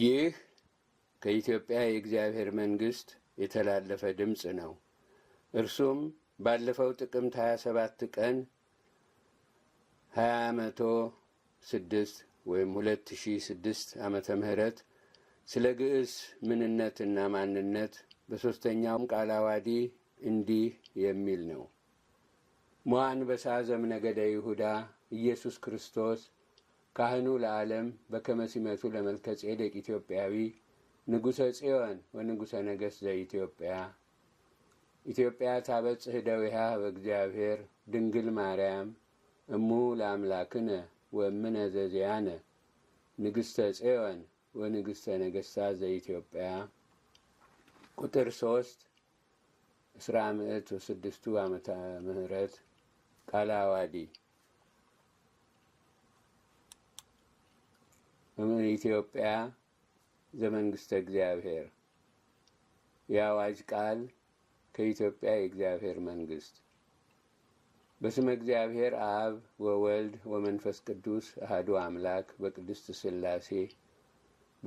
ይህ ከኢትዮጵያ የእግዚአብሔር መንግስት የተላለፈ ድምፅ ነው። እርሱም ባለፈው ጥቅምት 27 ቀን 2006 ወይም 2006 ዓመተ ምህረት ስለ ግዕዝ ምንነትና ማንነት በሦስተኛውም ቃለ አዋዲ እንዲህ የሚል ነው። ሞዐ ዘምነ ዘእምነገደ ይሁዳ ኢየሱስ ክርስቶስ ካህኑ ለዓለም በከመ ሲመቱ ለመልከ ጼዴቅ ኢትዮጵያዊ ንጉሰ ጽዮን ወንጉሰ ነገሥት ዘኢትዮጵያ ኢትዮጵያ ታበጽህ ደዊሃ በእግዚአብሔር ድንግል ማርያም እሙ ለአምላክነ ወእምነ ዘዚያነ ንግሥተ ጽዮን ወንግሥተ ነገሥታ ዘኢትዮጵያ ቁጥር ሶስት እስራ ምእት ወስድስቱ ዓመተ ምህረት ቃለ ዓዋዲ ኢትዮጵያ ዘመንግስተ እግዚአብሔር የአዋጅ ቃል ከኢትዮጵያ የእግዚአብሔር መንግስት በስመ እግዚአብሔር አብ ወወልድ ወመንፈስ ቅዱስ አህዱ አምላክ በቅድስት ሥላሴ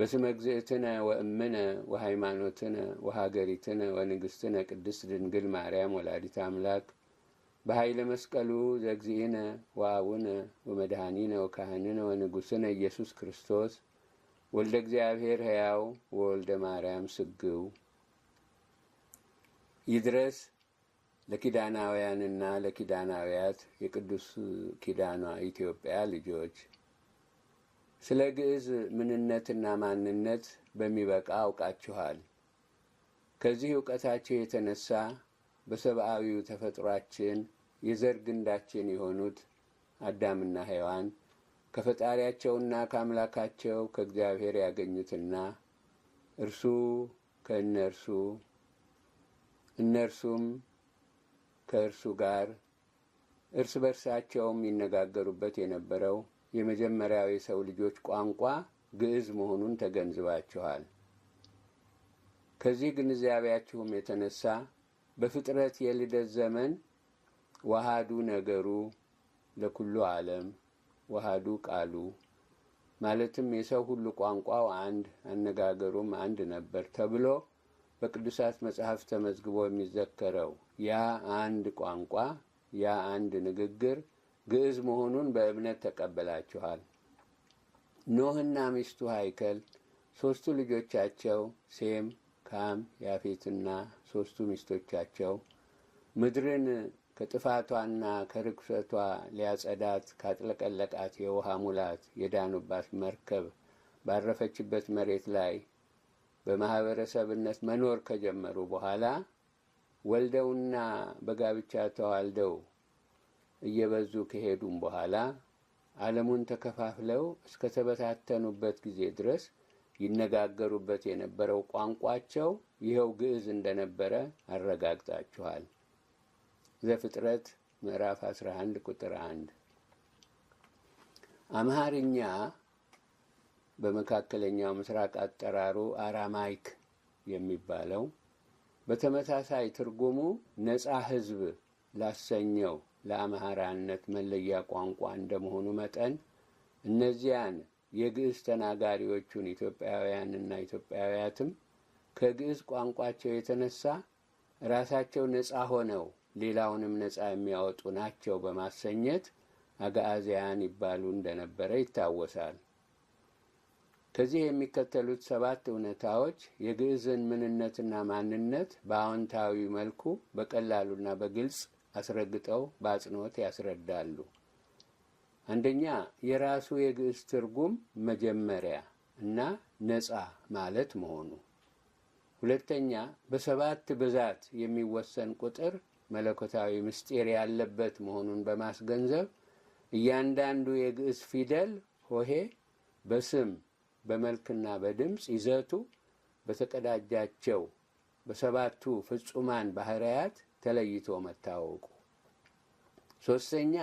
በስመ እግዝእትነ ወእምነ ወሃይማኖትነ ወሀገሪትነ ወንግስትነ ቅድስት ድንግል ማርያም ወላዲት አምላክ በኃይለ መስቀሉ ዘእግዚእነ ወአቡነ ወመድኃኒነ ወካህንነ ወንጉሥነ ኢየሱስ ክርስቶስ ወልደ እግዚአብሔር ሕያው ወወልደ ማርያም ስግው ይድረስ ለኪዳናውያንና ለኪዳናውያት የቅዱስ ኪዳኗ ኢትዮጵያ ልጆች ስለ ግዕዝ ምንነትና ማንነት በሚበቃ አውቃችኋል። ከዚህ እውቀታችሁ የተነሳ በሰብአዊው ተፈጥሯችን የዘር ግንዳችን የሆኑት አዳምና ሔዋን ከፈጣሪያቸውና ከአምላካቸው ከእግዚአብሔር ያገኙትና እርሱ ከእነርሱ እነርሱም ከእርሱ ጋር እርስ በርሳቸውም ይነጋገሩበት የነበረው የመጀመሪያው የሰው ልጆች ቋንቋ ግዕዝ መሆኑን ተገንዝባችኋል። ከዚህ ግንዛቤያችሁም የተነሳ በፍጥረት የልደት ዘመን ዋሃዱ ነገሩ ለኩሉ ዓለም ዋሃዱ ቃሉ ማለትም የሰው ሁሉ ቋንቋው አንድ አነጋገሩም አንድ ነበር ተብሎ በቅዱሳት መጽሐፍ ተመዝግቦ የሚዘከረው ያ አንድ ቋንቋ ያ አንድ ንግግር ግዕዝ መሆኑን በእምነት ተቀበላችኋል። ኖህና ሚስቱ ሃይከል ሦስቱ ልጆቻቸው ሴም፣ ካም፣ ያፌትና ሶስቱ ሚስቶቻቸው ምድርን ከጥፋቷና ከርኩሰቷ ሊያጸዳት ካጥለቀለቃት የውሃ ሙላት የዳኑባት መርከብ ባረፈችበት መሬት ላይ በማኅበረሰብነት መኖር ከጀመሩ በኋላ ወልደውና በጋብቻ ተዋልደው እየበዙ ከሄዱም በኋላ ዓለሙን ተከፋፍለው እስከተበታተኑበት ጊዜ ድረስ ይነጋገሩበት የነበረው ቋንቋቸው ይኸው ግዕዝ እንደነበረ አረጋግጣችኋል። ዘፍጥረት ምዕራፍ 11 ቁጥር 1 አምሃርኛ በመካከለኛው ምስራቅ አጠራሩ አራማይክ የሚባለው በተመሳሳይ ትርጉሙ ነፃ ሕዝብ ላሰኘው ለአምሃራነት መለያ ቋንቋ እንደመሆኑ መጠን እነዚያን የግዕዝ ተናጋሪዎቹን ኢትዮጵያውያንና ኢትዮጵያውያትም ከግዕዝ ቋንቋቸው የተነሳ ራሳቸው ነፃ ሆነው ሌላውንም ነፃ የሚያወጡ ናቸው በማሰኘት አጋአዚያን ይባሉ እንደነበረ ይታወሳል። ከዚህ የሚከተሉት ሰባት እውነታዎች የግዕዝን ምንነትና ማንነት በአዎንታዊ መልኩ በቀላሉና በግልጽ አስረግጠው በአጽንኦት ያስረዳሉ። አንደኛ፣ የራሱ የግዕዝ ትርጉም መጀመሪያ እና ነፃ ማለት መሆኑ ሁለተኛ በሰባት ብዛት የሚወሰን ቁጥር መለኮታዊ ምስጢር ያለበት መሆኑን በማስገንዘብ እያንዳንዱ የግዕዝ ፊደል ሆሄ በስም በመልክና በድምፅ ይዘቱ በተቀዳጃቸው በሰባቱ ፍጹማን ባህርያት ተለይቶ መታወቁ። ሶስተኛ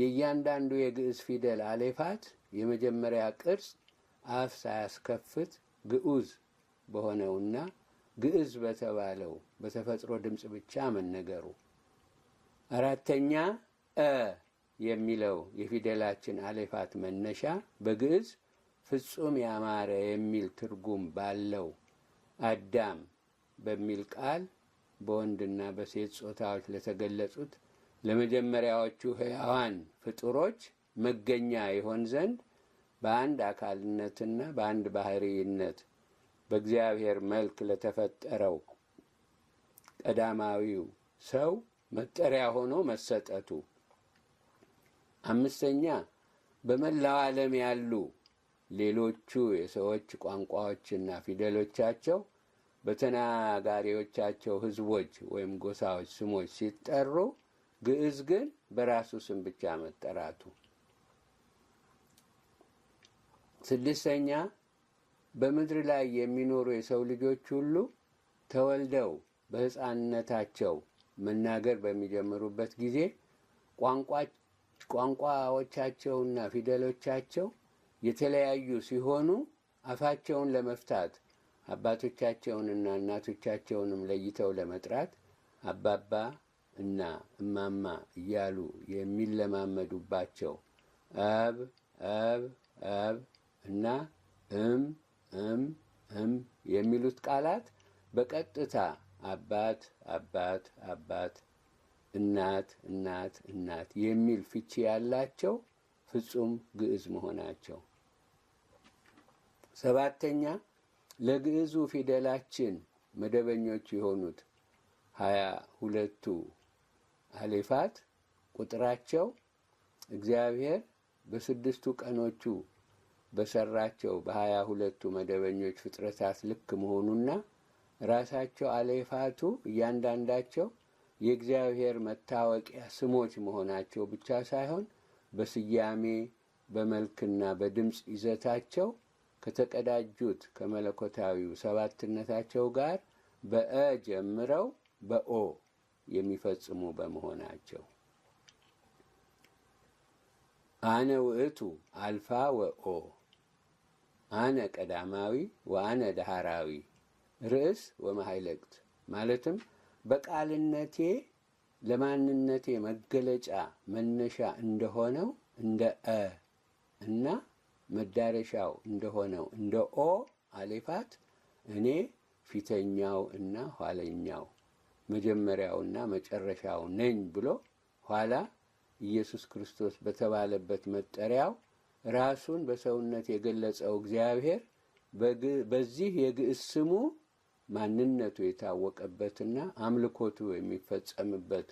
የእያንዳንዱ የግዕዝ ፊደል አሌፋት የመጀመሪያ ቅርጽ አፍ ሳያስከፍት ግዑዝ በሆነውና ግዕዝ በተባለው በተፈጥሮ ድምፅ ብቻ መነገሩ። አራተኛ እ የሚለው የፊደላችን አሌፋት መነሻ በግዕዝ ፍጹም ያማረ የሚል ትርጉም ባለው አዳም በሚል ቃል በወንድና በሴት ጾታዎች ለተገለጹት ለመጀመሪያዎቹ ሕያዋን ፍጡሮች መገኛ ይሆን ዘንድ በአንድ አካልነትና በአንድ ባህሪይነት በእግዚአብሔር መልክ ለተፈጠረው ቀዳማዊው ሰው መጠሪያ ሆኖ መሰጠቱ፣ አምስተኛ በመላው ዓለም ያሉ ሌሎቹ የሰዎች ቋንቋዎችና ፊደሎቻቸው በተናጋሪዎቻቸው ሕዝቦች ወይም ጎሳዎች ስሞች ሲጠሩ ግዕዝ ግን በራሱ ስም ብቻ መጠራቱ፣ ስድስተኛ በምድር ላይ የሚኖሩ የሰው ልጆች ሁሉ ተወልደው በሕፃንነታቸው መናገር በሚጀምሩበት ጊዜ ቋንቋዎቻቸውና ፊደሎቻቸው የተለያዩ ሲሆኑ አፋቸውን ለመፍታት አባቶቻቸውንና እናቶቻቸውንም ለይተው ለመጥራት አባባ እና እማማ እያሉ የሚለማመዱባቸው አብ አብ አብ እና እም እም እም የሚሉት ቃላት በቀጥታ አባት አባት አባት፣ እናት እናት እናት የሚል ፍቺ ያላቸው ፍጹም ግዕዝ መሆናቸው። ሰባተኛ ለግዕዙ ፊደላችን መደበኞች የሆኑት ሀያ ሁለቱ አሌፋት ቁጥራቸው እግዚአብሔር በስድስቱ ቀኖቹ በሰራቸው በሀያ ሁለቱ መደበኞች ፍጥረታት ልክ መሆኑና ራሳቸው አሌፋቱ እያንዳንዳቸው የእግዚአብሔር መታወቂያ ስሞች መሆናቸው ብቻ ሳይሆን በስያሜ በመልክና በድምፅ ይዘታቸው ከተቀዳጁት ከመለኮታዊው ሰባትነታቸው ጋር በእ ጀምረው በኦ የሚፈጽሙ በመሆናቸው አነ ውእቱ አልፋ ወኦ አነ ቀዳማዊ ወአነ ዳህራዊ ርእስ ወመሃይለቅት ማለትም በቃልነቴ ለማንነቴ መገለጫ መነሻ እንደሆነው እንደ እ እና መዳረሻው እንደሆነው እንደ ኦ አሌፋት እኔ ፊተኛው እና ኋለኛው መጀመሪያውና መጨረሻው ነኝ ብሎ ኋላ ኢየሱስ ክርስቶስ በተባለበት መጠሪያው ራሱን በሰውነት የገለጸው እግዚአብሔር በዚህ የግዕዝ ስሙ ማንነቱ የታወቀበትና አምልኮቱ የሚፈጸምበት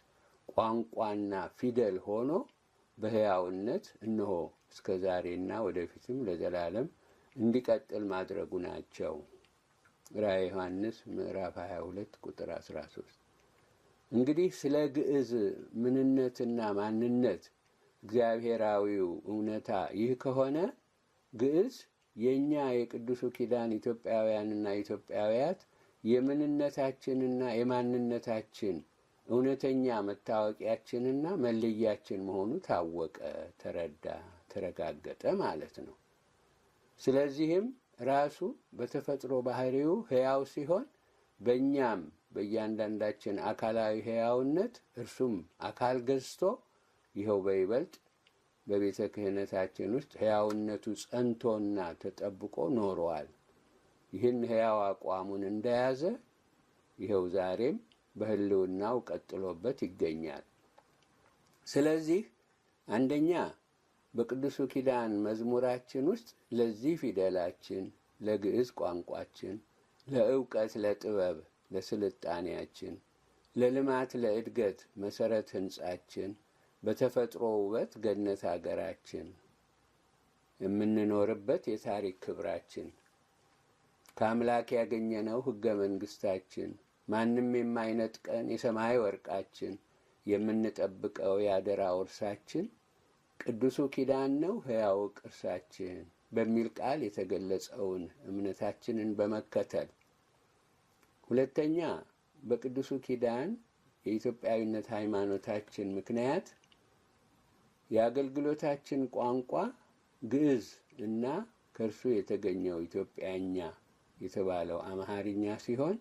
ቋንቋና ፊደል ሆኖ በሕያውነት እነሆ እስከ ዛሬና ወደፊትም ለዘላለም እንዲቀጥል ማድረጉ ናቸው። ራዕየ ዮሐንስ ምዕራፍ 22 ቁጥር 13። እንግዲህ ስለ ግዕዝ ምንነትና ማንነት እግዚአብሔራዊው እውነታ ይህ ከሆነ ግዕዝ የእኛ የቅዱሱ ኪዳን ኢትዮጵያውያንና ኢትዮጵያውያት የምንነታችንና የማንነታችን እውነተኛ መታወቂያችንና መለያችን መሆኑ ታወቀ፣ ተረዳ፣ ተረጋገጠ ማለት ነው። ስለዚህም ራሱ በተፈጥሮ ባህሪው ሕያው ሲሆን በእኛም በእያንዳንዳችን አካላዊ ሕያውነት እርሱም አካል ገዝቶ ይኸው በይበልጥ በቤተ ክህነታችን ውስጥ ሕያውነቱ ጸንቶና ተጠብቆ ኖረዋል። ይህን ሕያው አቋሙን እንደያዘ ይኸው ዛሬም በህልውናው ቀጥሎበት ይገኛል። ስለዚህ አንደኛ በቅዱሱ ኪዳን መዝሙራችን ውስጥ ለዚህ ፊደላችን፣ ለግዕዝ ቋንቋችን፣ ለእውቀት፣ ለጥበብ፣ ለስልጣኔያችን፣ ለልማት፣ ለእድገት መሰረት ህንጻችን በተፈጥሮ ውበት ገነት አገራችን የምንኖርበት የታሪክ ክብራችን ከአምላክ ያገኘነው ሕገ መንግስታችን ማንም የማይነጥቀን የሰማይ ወርቃችን የምንጠብቀው የአደራ ውርሳችን ቅዱሱ ኪዳን ነው ሕያው ቅርሳችን በሚል ቃል የተገለጸውን እምነታችንን በመከተል ሁለተኛ በቅዱሱ ኪዳን የኢትዮጵያዊነት ሃይማኖታችን ምክንያት የአገልግሎታችን ቋንቋ ግዕዝ እና ከእርሱ የተገኘው ኢትዮጵያኛ የተባለው አማርኛ ሲሆን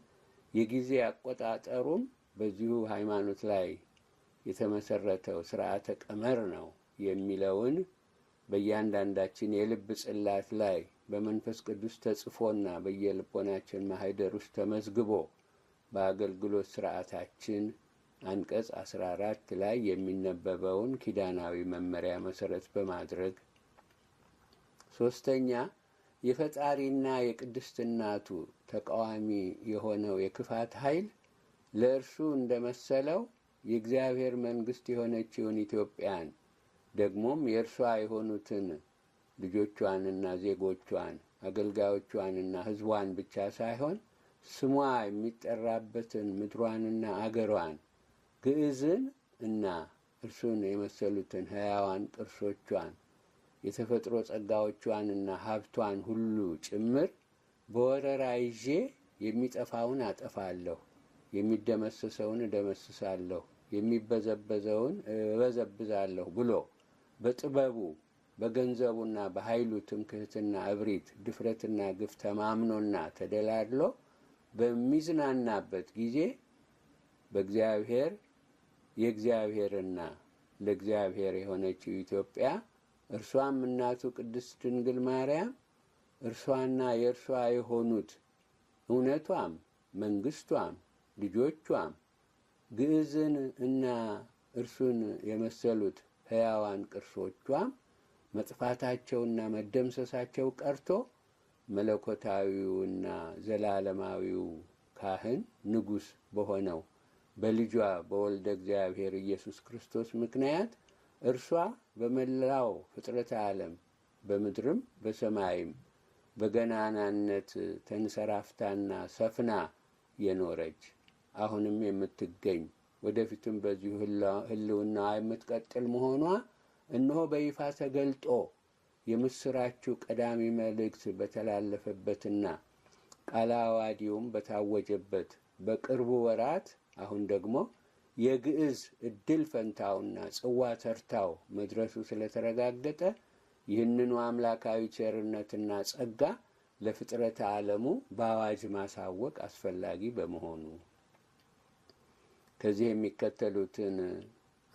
የጊዜ አቆጣጠሩም በዚሁ ሃይማኖት ላይ የተመሰረተው ስርዓተ ቀመር ነው የሚለውን በእያንዳንዳችን የልብ ጽላት ላይ በመንፈስ ቅዱስ ተጽፎና በየልቦናችን ማህደር ውስጥ ተመዝግቦ በአገልግሎት ስርዓታችን አንቀጽ 14 ላይ የሚነበበውን ኪዳናዊ መመሪያ መሰረት በማድረግ ሶስተኛ የፈጣሪና የቅድስት እናቱ ተቃዋሚ የሆነው የክፋት ኃይል ለእርሱ እንደመሰለው የእግዚአብሔር መንግስት የሆነችውን ኢትዮጵያን ደግሞም የእርሷ የሆኑትን ልጆቿንና ዜጎቿን አገልጋዮቿንና ሕዝቧን ብቻ ሳይሆን ስሟ የሚጠራበትን ምድሯንና አገሯን ግዕዝን እና እርሱን የመሰሉትን ሕያዋን ቅርሶቿን የተፈጥሮ ጸጋዎቿንና ሀብቷን ሁሉ ጭምር በወረራ ይዤ የሚጠፋውን አጠፋለሁ፣ የሚደመሰሰውን እደመስሳለሁ፣ የሚበዘበዘውን እበዘብዛለሁ ብሎ በጥበቡ በገንዘቡና በኃይሉ ትምክህትና እብሪት፣ ድፍረትና ግፍ ተማምኖና ተደላድሎ በሚዝናናበት ጊዜ በእግዚአብሔር የእግዚአብሔርና ለእግዚአብሔር የሆነችው ኢትዮጵያ እርሷም እናቱ ቅድስት ድንግል ማርያም እርሷና የእርሷ የሆኑት እውነቷም መንግስቷም ልጆቿም ግዕዝን እና እርሱን የመሰሉት ሕያዋን ቅርሶቿም መጥፋታቸውና መደምሰሳቸው ቀርቶ መለኮታዊውና ዘላለማዊው ካህን ንጉሥ በሆነው በልጇ በወልደ እግዚአብሔር ኢየሱስ ክርስቶስ ምክንያት እርሷ በመላው ፍጥረተ ዓለም በምድርም በሰማይም በገናናነት ተንሰራፍታና ሰፍና የኖረች አሁንም የምትገኝ ወደፊትም በዚሁ ህልውና የምትቀጥል መሆኗ እነሆ በይፋ ተገልጦ የምስራችው ቀዳሚ መልእክት በተላለፈበትና ቃለ በታወጀበት በቅርቡ ወራት አሁን ደግሞ የግዕዝ እድል ፈንታውና ጽዋ ተርታው መድረሱ ስለተረጋገጠ ይህንኑ አምላካዊ ቸርነትና ጸጋ ለፍጥረተ ዓለሙ በአዋጅ ማሳወቅ አስፈላጊ በመሆኑ ከዚህ የሚከተሉትን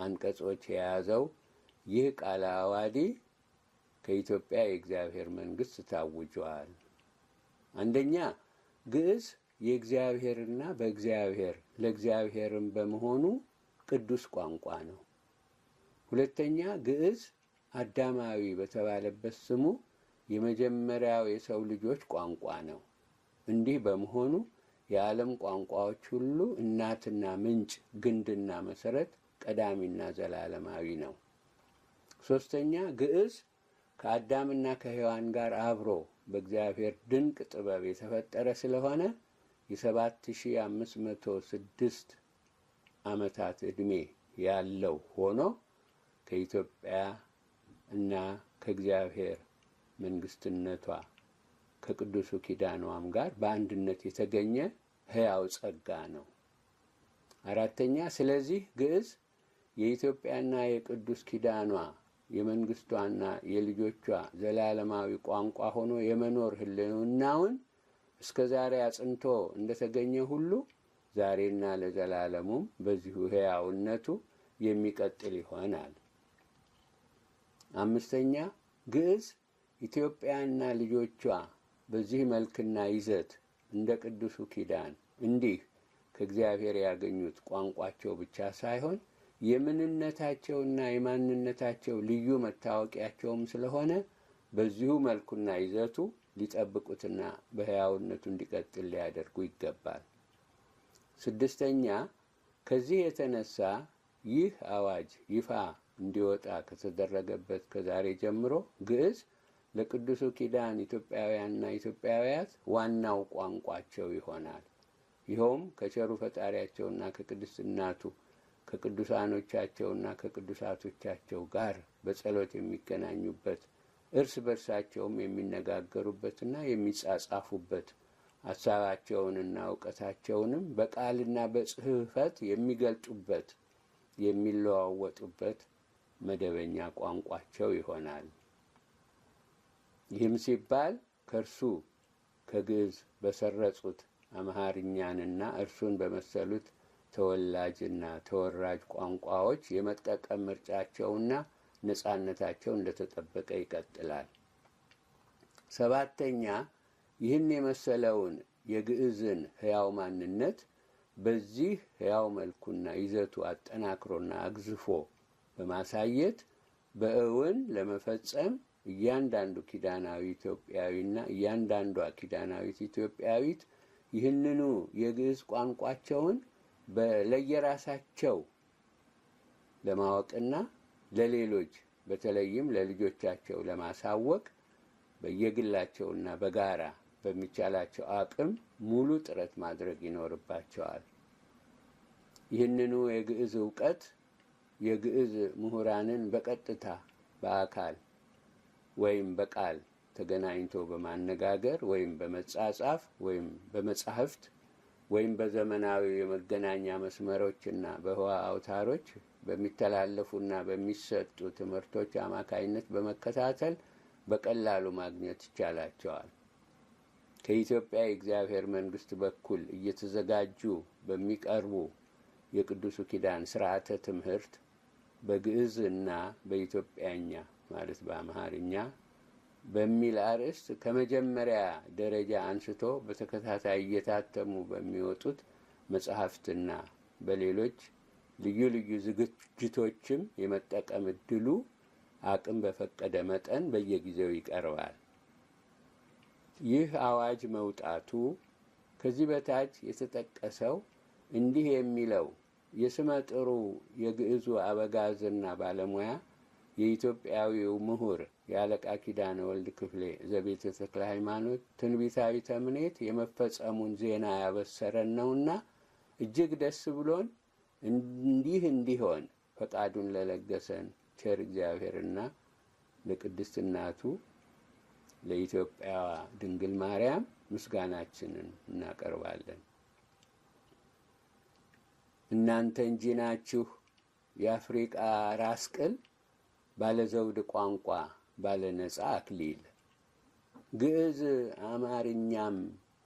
አንቀጾች የያዘው ይህ ቃለ አዋዲ ከኢትዮጵያ የእግዚአብሔር መንግስት ታውጇል። አንደኛ ግዕዝ የእግዚአብሔርና በእግዚአብሔር ለእግዚአብሔርም በመሆኑ ቅዱስ ቋንቋ ነው። ሁለተኛ ግዕዝ አዳማዊ በተባለበት ስሙ የመጀመሪያው የሰው ልጆች ቋንቋ ነው። እንዲህ በመሆኑ የዓለም ቋንቋዎች ሁሉ እናትና ምንጭ፣ ግንድና መሰረት ቀዳሚና ዘላለማዊ ነው። ሶስተኛ ግዕዝ ከአዳምና ከሔዋን ጋር አብሮ በእግዚአብሔር ድንቅ ጥበብ የተፈጠረ ስለሆነ የሰባት ሺ አምስት መቶ ስድስት ዓመታት ዕድሜ ያለው ሆኖ ከኢትዮጵያ እና ከእግዚአብሔር መንግስትነቷ ከቅዱሱ ኪዳኗም ጋር በአንድነት የተገኘ ሕያው ጸጋ ነው። አራተኛ ስለዚህ ግዕዝ የኢትዮጵያና የቅዱስ ኪዳኗ የመንግስቷና የልጆቿ ዘላለማዊ ቋንቋ ሆኖ የመኖር ህልውናውን እስከ ዛሬ አጽንቶ እንደተገኘ ሁሉ ዛሬና ለዘላለሙም በዚሁ ሕያውነቱ የሚቀጥል ይሆናል። አምስተኛ ግዕዝ ኢትዮጵያና ልጆቿ በዚህ መልክና ይዘት እንደ ቅዱሱ ኪዳን እንዲህ ከእግዚአብሔር ያገኙት ቋንቋቸው ብቻ ሳይሆን የምንነታቸውና የማንነታቸው ልዩ መታወቂያቸውም ስለሆነ በዚሁ መልኩና ይዘቱ ሊጠብቁትና በሕያውነቱ እንዲቀጥል ሊያደርጉ ይገባል። ስድስተኛ ከዚህ የተነሳ ይህ አዋጅ ይፋ እንዲወጣ ከተደረገበት ከዛሬ ጀምሮ ግዕዝ ለቅዱሱ ኪዳን ኢትዮጵያውያንና ኢትዮጵያውያት ዋናው ቋንቋቸው ይሆናል። ይኸውም ከቸሩ ፈጣሪያቸውና ከቅድስት እናቱ ከቅዱሳኖቻቸውና ከቅዱሳቶቻቸው ጋር በጸሎት የሚገናኙበት እርስ በርሳቸውም የሚነጋገሩበትና የሚጻጻፉበት ሀሳባቸውንና እውቀታቸውንም በቃልና በጽህፈት የሚገልጡበት የሚለዋወጡበት መደበኛ ቋንቋቸው ይሆናል። ይህም ሲባል ከእርሱ ከግዕዝ በሰረጹት አምሃርኛንና እርሱን በመሰሉት ተወላጅና ተወራጅ ቋንቋዎች የመጠቀም ምርጫቸውና ነፃነታቸው እንደተጠበቀ ይቀጥላል። ሰባተኛ ይህን የመሰለውን የግዕዝን ሕያው ማንነት በዚህ ሕያው መልኩና ይዘቱ አጠናክሮና አግዝፎ በማሳየት በእውን ለመፈጸም እያንዳንዱ ኪዳናዊ ኢትዮጵያዊና እያንዳንዷ ኪዳናዊት ኢትዮጵያዊት ይህንኑ የግዕዝ ቋንቋቸውን ለየራሳቸው ለማወቅና ለሌሎች በተለይም ለልጆቻቸው ለማሳወቅ በየግላቸውና በጋራ በሚቻላቸው አቅም ሙሉ ጥረት ማድረግ ይኖርባቸዋል። ይህንኑ የግዕዝ እውቀት የግዕዝ ምሁራንን በቀጥታ በአካል ወይም በቃል ተገናኝቶ በማነጋገር ወይም በመጻጻፍ ወይም በመጻሕፍት ወይም በዘመናዊ የመገናኛ መስመሮችና በህዋ አውታሮች በሚተላለፉና በሚሰጡ ትምህርቶች አማካይነት በመከታተል በቀላሉ ማግኘት ይቻላቸዋል። ከኢትዮጵያ የእግዚአብሔር መንግስት በኩል እየተዘጋጁ በሚቀርቡ የቅዱሱ ኪዳን ስርዓተ ትምህርት በግዕዝ እና በኢትዮጵያኛ ማለት በአምሃርኛ በሚል አርዕስት ከመጀመሪያ ደረጃ አንስቶ በተከታታይ እየታተሙ በሚወጡት መጽሐፍትና በሌሎች ልዩ ልዩ ዝግጅቶችም የመጠቀም እድሉ አቅም በፈቀደ መጠን በየጊዜው ይቀርባል። ይህ አዋጅ መውጣቱ ከዚህ በታች የተጠቀሰው እንዲህ የሚለው የስመ ጥሩ የግዕዙ አበጋዝና ባለሙያ የኢትዮጵያዊው ምሁር የአለቃ ኪዳነ ወልድ ክፍሌ ዘቤተ ተክለ ሃይማኖት ትንቢታዊ ተምኔት የመፈጸሙን ዜና ያበሰረን ነውና እጅግ ደስ ብሎን እንዲህ እንዲሆን ፈቃዱን ለለገሰን ቸር እግዚአብሔርና ለቅድስት እናቱ ለኢትዮጵያ ድንግል ማርያም ምስጋናችንን እናቀርባለን። እናንተ እንጂ ናችሁ የአፍሪቃ ራስ ቅል፣ ባለዘውድ ቋንቋ ባለነጻ አክሊል፣ ግዕዝ አማርኛም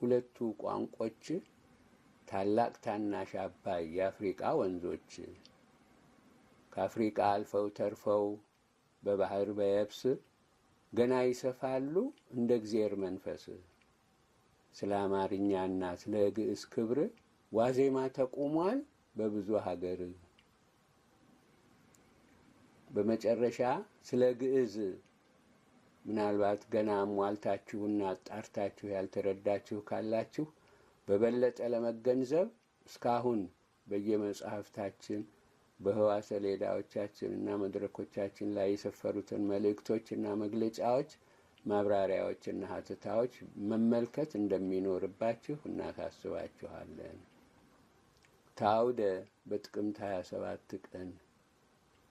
ሁለቱ ቋንቋች ታላቅ ታናሽ አባይ የአፍሪቃ ወንዞች ከአፍሪቃ አልፈው ተርፈው በባህር በየብስ ገና ይሰፋሉ እንደ እግዜር መንፈስ። ስለ አማርኛና ስለ ግዕዝ ክብር ዋዜማ ተቁሟል በብዙ ሀገር። በመጨረሻ ስለ ግዕዝ ምናልባት ገና አሟልታችሁና አጣርታችሁ ያልተረዳችሁ ካላችሁ በበለጠ ለመገንዘብ እስካሁን በየመጽሐፍታችን በህዋ ሰሌዳዎቻችን እና መድረኮቻችን ላይ የሰፈሩትን መልእክቶች እና መግለጫዎች ማብራሪያዎች እና ሀተታዎች መመልከት እንደሚኖርባችሁ እናሳስባችኋለን። ታውደ በጥቅምት 27 ቀን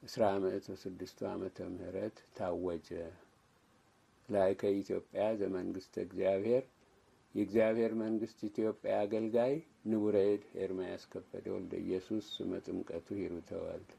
1106 ዓመተ ምህረት ታወጀ። ላይ ከኢትዮጵያ ዘመንግስተ እግዚአብሔር የእግዚአብሔር መንግስት ኢትዮጵያ አገልጋይ ንቡረ እድ ኤርምያስ ከበደ ወልደ ኢየሱስ ስመ ጥምቀቱ ሂሩተ ወልድ